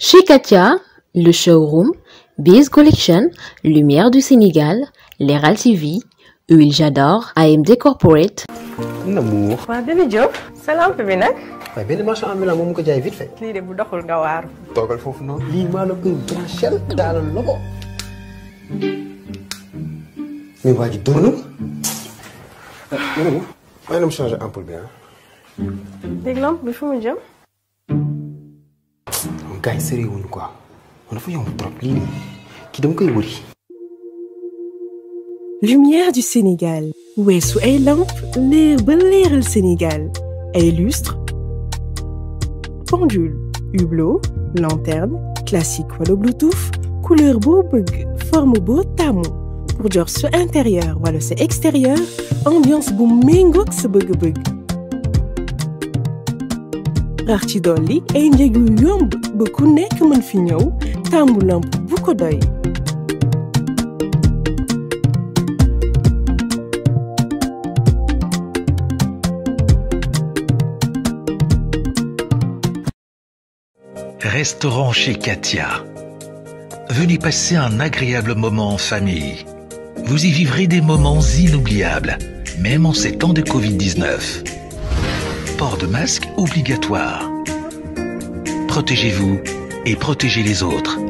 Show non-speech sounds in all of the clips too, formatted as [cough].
Chez le showroom, Biz Collection, Lumière du Sénégal, Leral TV, Huile J'adore, AMD Corporate. Namour. waaw bébé Diop. sa lampe bi nag. waaye benn marchand ambulant moom mu jaay vite fait. lii de bu doxul nga waaru. toogal foofu noonu. lii maa la koy branchel. daal la ko. mais waa ji dóor na ma. ma ne ma. maa ngi leen di changé ampoule bi ah. léegi lampe bi fu mu jëm. gars yi soriwul quoi lumière du Sénégal weesu ay lamp leer ba leeral Sénégal ay lustre pendule hublot lanterne classique wala bluetooth couleur boo bëgg forme boo tàmm pour jox sa intérieur wala sa extérieur ambiance bu méngoog sa bëgg-bëgg rax ci ba ku nekk mën fi ñëw Restaurant chez Katia. Venez passer un agréable moment en famille. Vous y vivrez des moments inoubliables, même en ces temps de Covid-19. Port de masque obligatoire. protégez-vous et protégez les autres.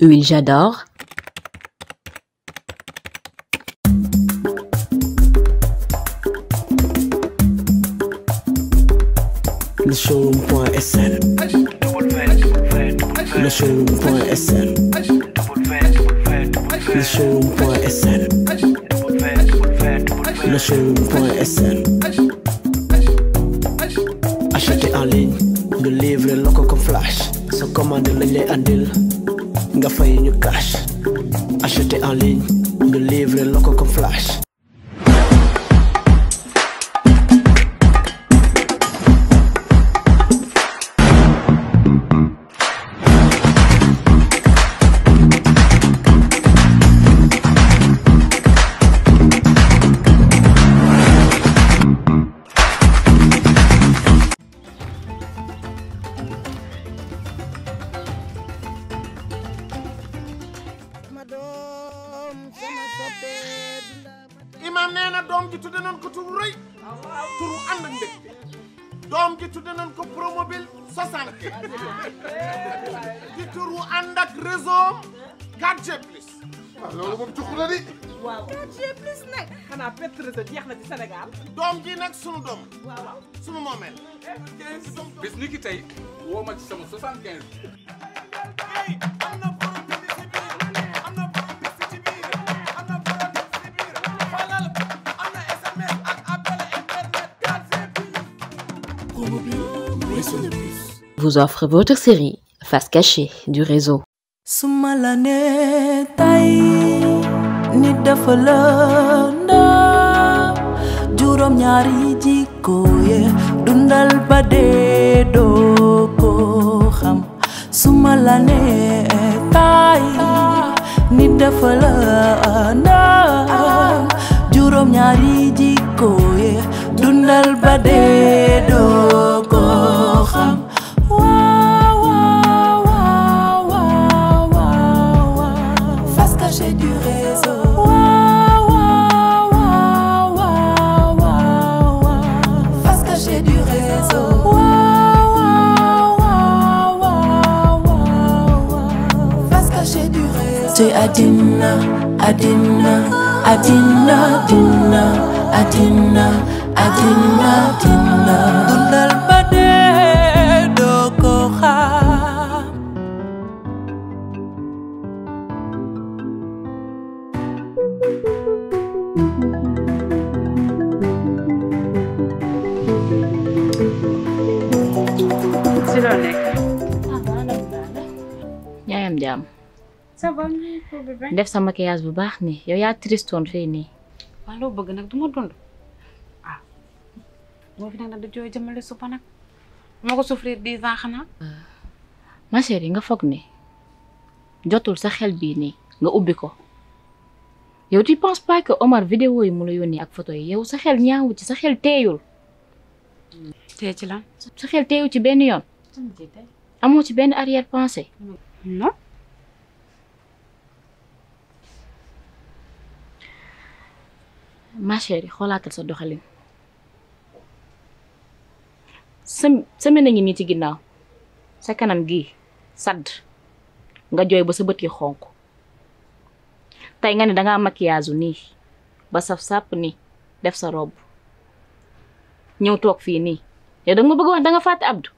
Huile J'adore, showroom.sn le showroom.sn le showroom.sn le showroom.sn acheter en ligne ñu livrer la ko comme flash sa commande lañ lay andil nga fay ñu cash acheter en ligne ñu livrer la ko comme flash ji tudde nañ ko turu rëy turu ànd ak mbégte doom ji tudde nañ ko promobile 60 di turu ànd ak réseau 4G plus waaw loolu moom tuxu la di waaw 4G plus nag xanaa perte réseau jeex na ci Sénégal doom ji nag sunu doom waaw sunu moomeel bis ni ki tey woo ma ci sama 75 vous su ma la nee tay nit dafa la ndax juróom ñaari jikko ye dundal ba dee doo ko xam la nee tay nit dafa la ndax juróom ñaari jikko ye dundal ba dee doo ko say I didn't, I didn't, I didn't, I didn't, I didn't, I def sa maquillage bu baax nii yow yaa tristoon fii nii. waaw loo bëgg nag du ma dund ah moo fi nag nag da jooy jëmale suba nag moo ko souffrir dix ans ma chérie nga foog ni jotul sa xel bii nii nga ubbi ko yow tu penses pas Omar vidéo yi mu la yónnee ak photo yi yow sa xel ñaawu ci sa xel teeyul. tey ci sa xel teeyu ci benn yoon. amoo ci benn arrière pensée. ma yi xoolaatal sa doxalin sem semaine ngi nii ci ginnaaw sa kanam gi sadd nga jooy ba sa bët yi xonq tey nga ne dangaa maquillage nii ba saf sàpp nii def sa robe ñëw toog fii nii yow danga ma bëgg wax danga fàtte Abdou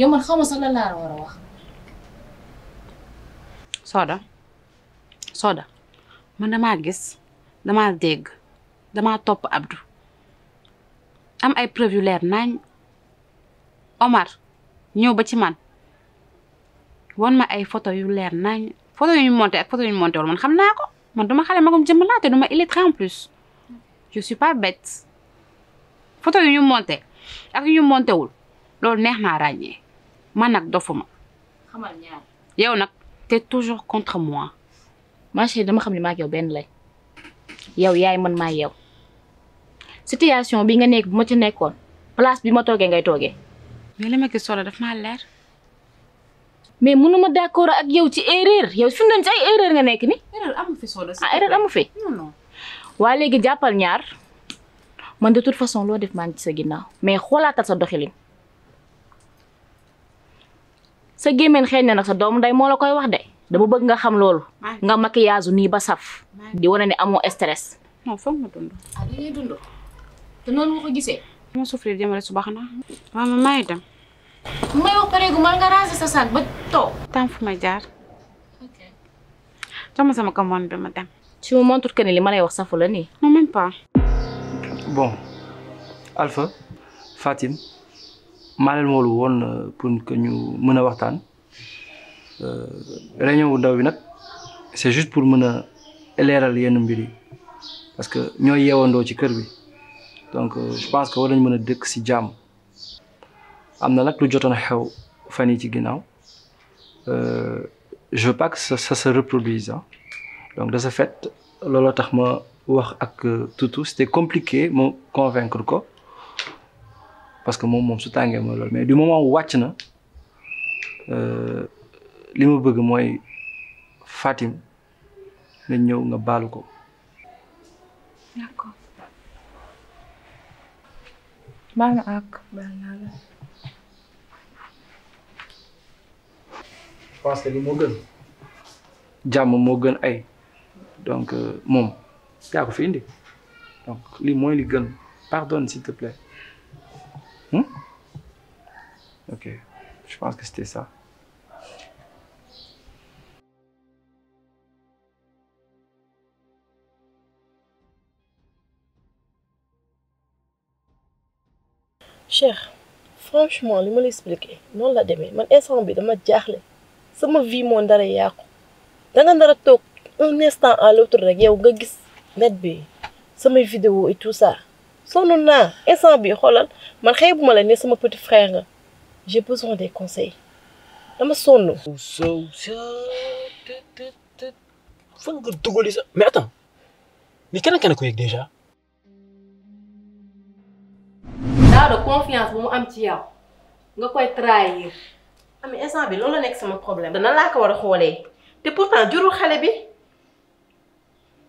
yow man xaw ma sax lan war a wax sooda Soda man damaa gis damaa dégg damaa topp Abdou am ay preuve yu leer naañ Omar ñëw ba ci man wan ma ay photo yu leer naañ photo yu ñu monté ak photo yu ñu monté wul man xam naa ko man duma xale magum jëmm laa te duma illettré en plus je suis pas photo yu ñu monté ak yu ñu monté wul loolu neex naa ràññee man nag dofuma xamal ñaar yow nag te toujours contre moi. ma chérie dama xam ne maa ak benn lay. yow yaay man maa yow situation bi nga nekk bu ma ci nekkoon place bi ma toogee ngay toogee. mais li ma gis solo daf maa leer. mais mënu ma d'accord ak yow ci erreur yow fi mu ne ci ay erreur nga nekk ni erreur fi solo ah erreur amu fi. Ah, waa léegi jàppal ñaar man de toute façon loo def maa ngi ci sa ginnaaw mais xoolaatal sa doxalin. sa gémmiñ xëy na nag sa doomu nday moo la koy wax de. dama bëgg nga xam loolu. nga maquillage nii ba saf. di wane ne amoo stress. non foog ma dund. ah li ma su baax na. waaw man maa ngi may nga ranger sa ba toog. tam ma jaar. ok. sama commande bi ma dem. su ma montre que ne li ma lay wax safu la nii. non même pas. bon Alpha Fatim maa woolu woon euh, pour que ñu mën a waxtaan. Euh, réunion bu ndaw bi nag c'est juste pour mën a leeral yenn mbir parce que ñoo yeewandoo ci kër bi donc euh, je pense que war nañ mën a dëkk si jàmm am na la lu jotoon xew fan yi ci ginnaaw euh, je veux pas que ça donc de ce fait looloo tax ma wax ak Toutou c'était compliqué ma convaincre ko parce que moom moom su tàngee ma loolu mais du moment wàcc na. li ma bëgg mooy Fatim nga ñëw nga baalu ko. d'accord. moo gën. jàmm moo gën ay donc euh, moom yaa ko fi indi donc mooy li gën pardonne s'il te plaît hmm? ok je pense que c'était ça. Cheikh franchement li ma la expliqué noonu la demee man instant bi dama jaaxle sama vie moo ndara yàqu da nga ndara toog un instant à l'autre rek yow nga gis net bi sama vidéo et tout ça sonn naa instant bi xoolal man xëy ma la ne sama petit frère nga j'ai besoin des conseils dama sonn. sow fan nga dugal sa mais attends mais keneen keneen ko yëg déjà. daa de confiance bu mu am ci yow nga koy trahir. am ah, instant bi loolu nekk sama problème. dana laa ko war a xoolee te pourtant jurul xale bi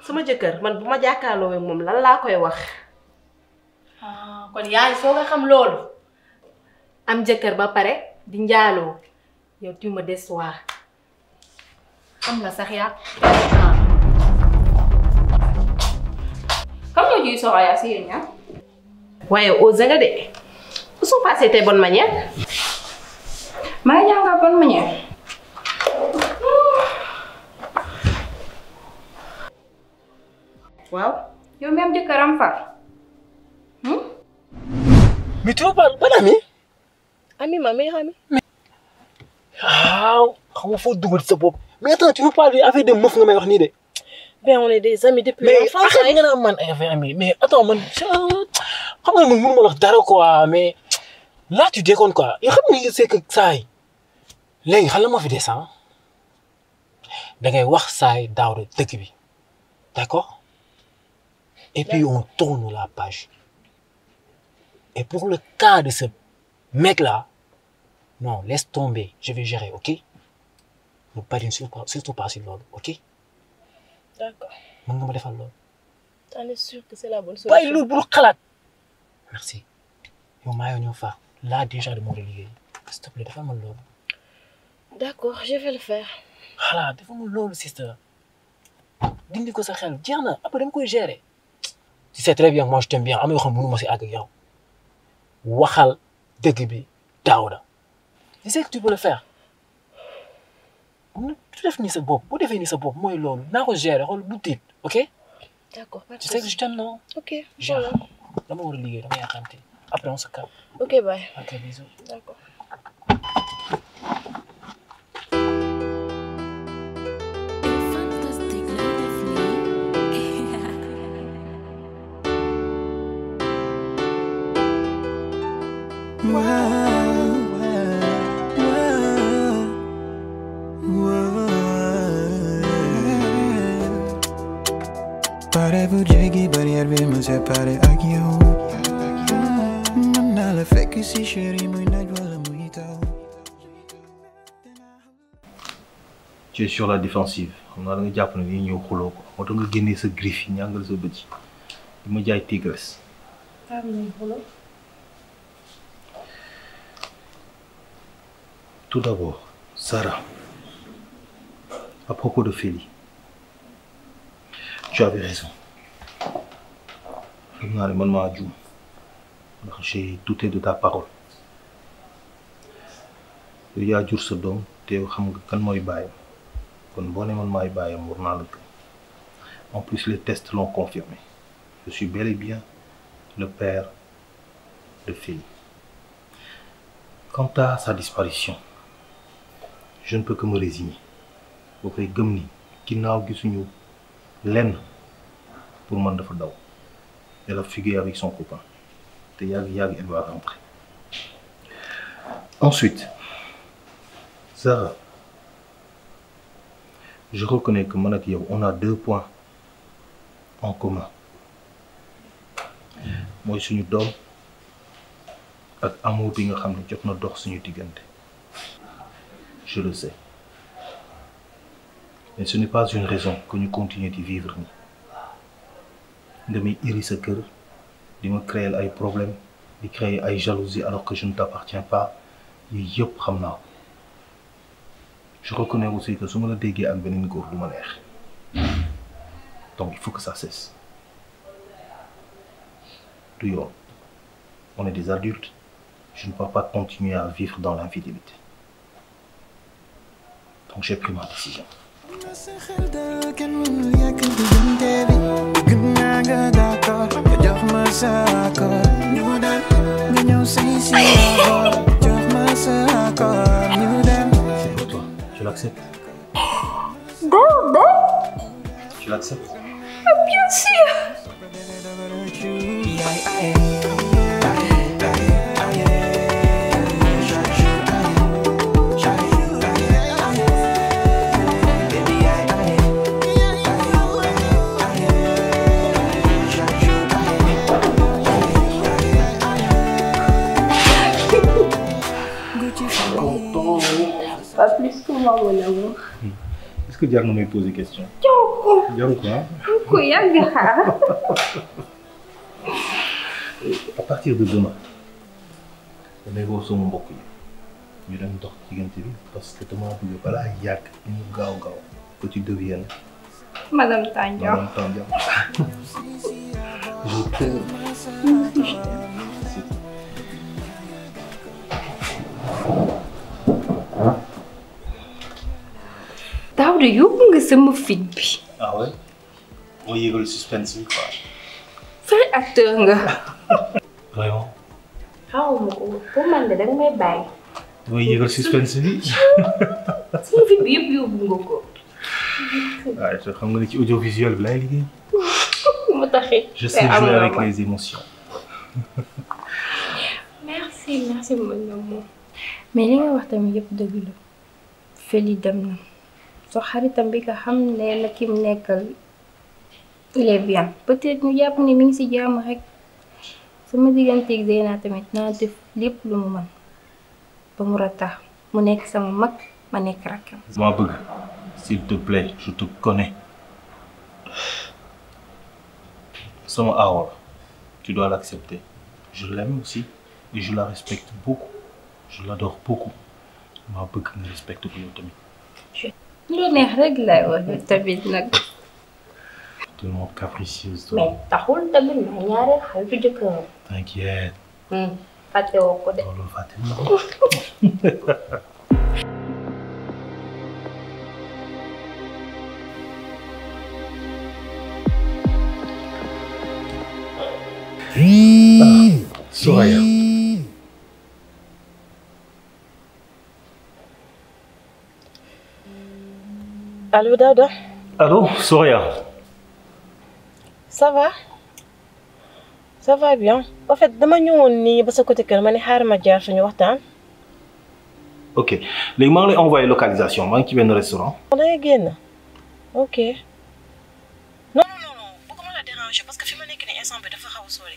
sama jëkkër man bu ma jàkkaarloo moom lan laa koy wax. ah kon yaay soo nga xam loolu. am jëkkër ba pare di njaaloo yow tu me déçois am na sax yaa ah. kan moo soxla yaa si yéen ñaar waaye ose nga de soo passé tey bonne manière. maa ngi jàngal bonne manière. waaw. yow même jëkkëram far. Hmm? mais tu vois pas ban ami. ami ma meilleure amie. waaw xam nga foo dugal sa bopp. mais attends tu vois pas li affaire de meuf nga may wax nii de. ben on est des amis depuis. mais affaire nga naan man ay ami mais attends man. xam nga man mënuma wax dara quoi mais là tu déconnes quoi yow xam nga c'est que saay léegi xam la moo fi des ah da ngay wax saay daaw de dëkk bi d'accord et puis on tourne la page et pour le cas de ce mec là non laisse tomber je vais gérer ok mu bari surtout pas si ok. d'accord mën nga ma defal loolu. t'en es sûr merci yow maa yoo ñëw déjà dama war a liggéey s'il te plaît dafa mën loolu. d'accord je vais le faire. voilà dafa mën dindi ko sa xel jeex na après dama koy gérer. tu sais très bien moi je bien am yoo xam ne mënu ma si àgg ak yow waxal dëgg bi daaw da tu sais que tu peux le faire. tu def ni sa bopp bu defee ni sa bopp mooy loolu naa ko gérer bu tiit ok. d'accord tu sais que je t'aime dama war a liggéey dama yaakaar après on se calme. ok bye. ok bisous. d'accord. tu sur la défensive xam naa da nga jàpp ne ni ñëw xuloo ko moo tax nga génnee sa griffe yi sa bët yi jaay tigresse. tout d'abord Sarah à propos de Feli naa ne man maa jur sa doom te xam nga kan mooy bàyyi. kon boo maay bàyyi war naa la gëm en plus le tests l'ont confirmé je suis bel et bien le père de Félix. quant à sa disparition je ne peux que me résigner boo koy gëm ni ginnaaw gisuñu lenn pour man dafa daw elle a fugué avec son copain te yàgg-yàgg elle va rentrer ensuite je reconnais que mën ak yow on a deux points en commun mooy suñu doom ak amour bi nga xam ne jot na dox suñu diggante je le sais mais ce n'est pas une raison que ñu continuer di vivre nii nga may iri sa kër di ma créer ay problème di créer ay jalousie alors que je ne t'appartiens pas yooyu yëpp xam naa ko je reconnais aussi que su ma la déggee ak beneen góor du ma neex donc il faut que ça cesse du yoon on est des adultes je ne peux pas continuer à vivre dans l'infidélité donc j'ai pris ma décision l'acceptes Bon, bon Tu l'acceptes ah, Bien sûr est-ce que jar na may poser question. coow jaru quoi. ku yàgg xaar. à partir de demain damay woo sama mbokk yi ñu dem dox diggante bi parce que damaa bëgg balaa yàgg ñu gaaw gaaw que tu deviennes. madame Tandian madame Tandian. je t'aime. daaw de yóbbu nga sama fit bi. ah ouais moo yëgal suspense [laughs] ko pour man de danga may bàyyi. moo yëgal suspense bi. sama [laughs] fit yóbbu nga ko. waaye [laughs] soo xam ci audiovisuel bi laay avec les émotions. merci merci mon amour. mais li nga wax tamit yëpp Feli dem so xaritam bi nga xam ne na kim nekkal il est bien peut jàpp ne mi ngi ci jàmm rek sama digganteeg naa tamit naa def lépp lu mu mën ba mu ratax mu nekk sama mag ma nekk rakkam. maa bëgg s'il te plaît je te connais sama aawa tu dois l'accepter je l'aime aussi et je la respecte beaucoup je l'adore beaucoup maa bëgg nga respecte ko yow tamit. lu neex rek lay wax tamit nag. tellement capricieuse. mais taxul tamit ma ñaareel xale bu jëkkër. t'inquiète. fàtte woo de. loolu fàtte na alo Dada Allô, Soria Ça va bien. En fait, dama ñëwoon nii ba sa côté kër ma ne xaaral ma jaar suñu waxtaan. ok léegi maa ngi lay localisation maa ci benn restaurant. da ngay génn ok. non non non bëgguma la déranger parce que fi ma nekk nii instant bi dafa xaw a sori.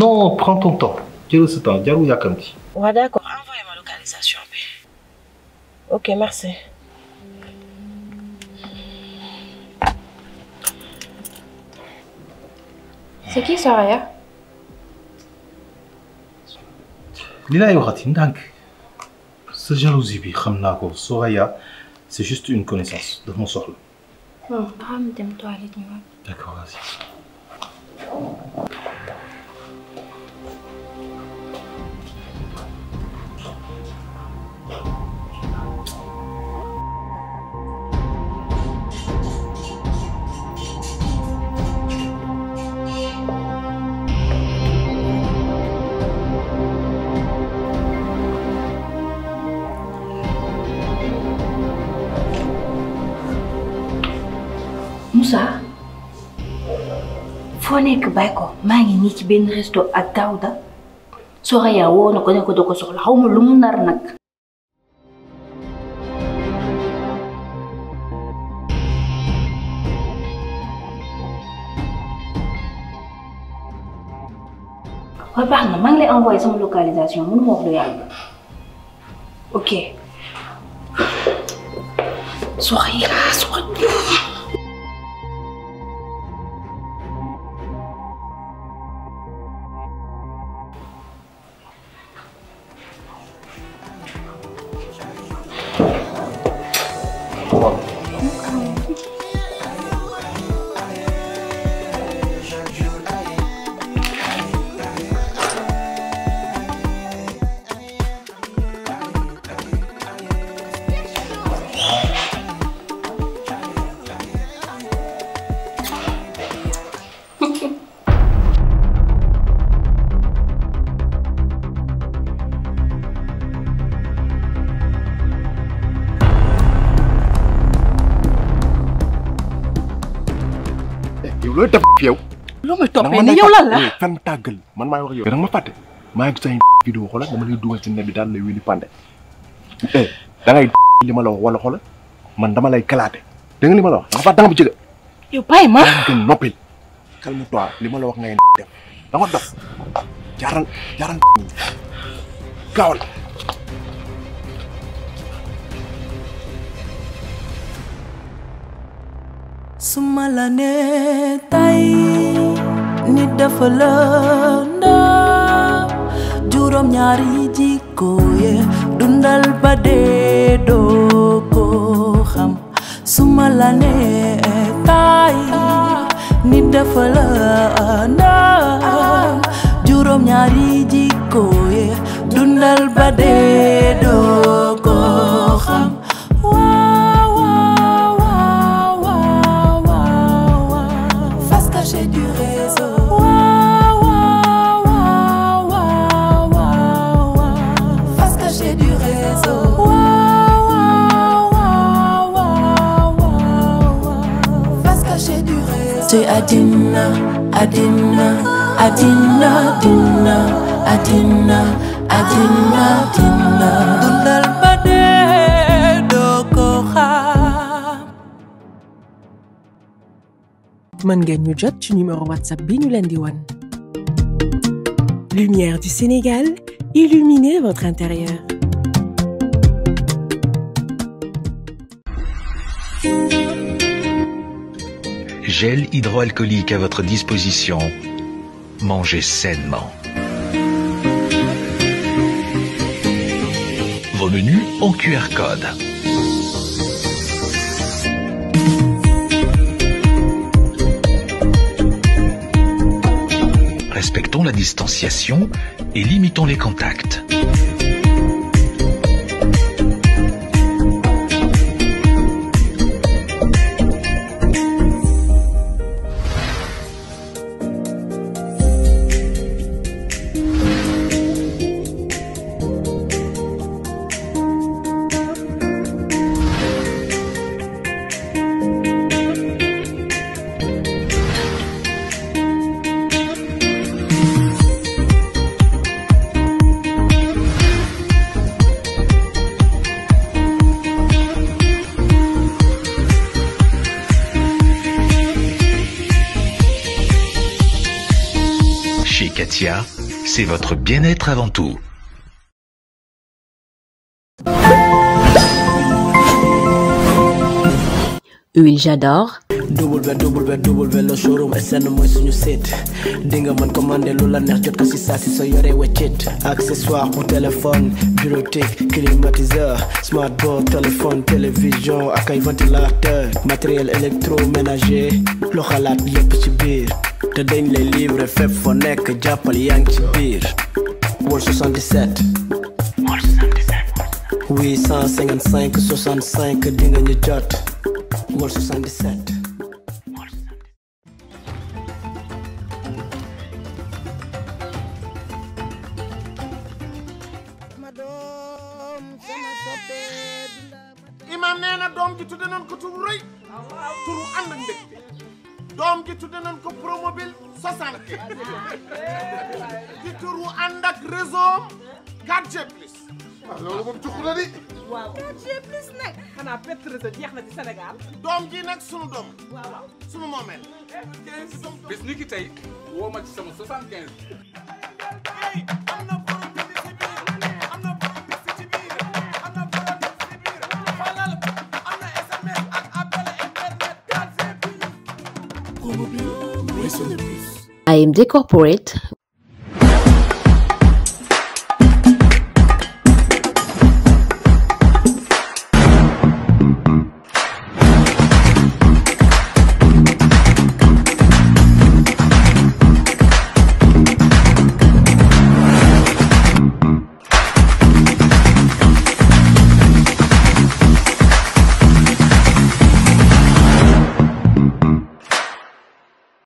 non prends ton temps jël sa temps jarul yàkkamti. waaw d'accord envoyé ma localisation bi. ok merci. C'est qui ça, li laay waxati ndànk sa jalousie bi xam naa ko Soraya c'est juste une connaissance daf ma soxla. bon oh, ba ah, xam dem toilette ñu d'accord vas-y. nekk bàyyi ko maa ngi nii ci benn resto ak Daouda Soraya woo na ko ne ko da ko soxla xaw ma lu mu nar nag. waaw baax na maa ngi lay toppee ni yow lan la eh, man maay wax yow danga ma fàtte maa dama lay dugal ci net bi daal da ngay li ma la man dama lay kalaate da nga li la wax danga fàtte danga ma jëga ma noppil calme toi li ma la ngay def da nga dof [laughs] nit dafa lëndëm juróom ñaari jikko ye dundal ba dee doo ko suma la nee taay nit dafa lëndëm juróom ñaari jikko ye dundal ba dee doo ko mën ngeen ñu jot ci numéro whatsapp bi ñu leen di wan lumière du Sénégal illuminez votre intérieur gel hydroalcoolique à votre disposition. Mangez sainement. Respectons la distanciation et limitons les contacts. Nokia, c'est votre bien-être avant tout. www le showroom SN mooy suñu seet di nga mën commandé lu la neex jot ko si saa si soo yoree weccit accessoire pour téléphone bureautique climatiseur smartboard téléphone télévision ak ay ventilateur matériel électroménager loo xalaat yépp ci biir te dañ lay livrer fépp foo nekk jàppal yaa ngi ci biir wol 77 855 bés ni ki tey woo ma ci sama 75. I am Decorporate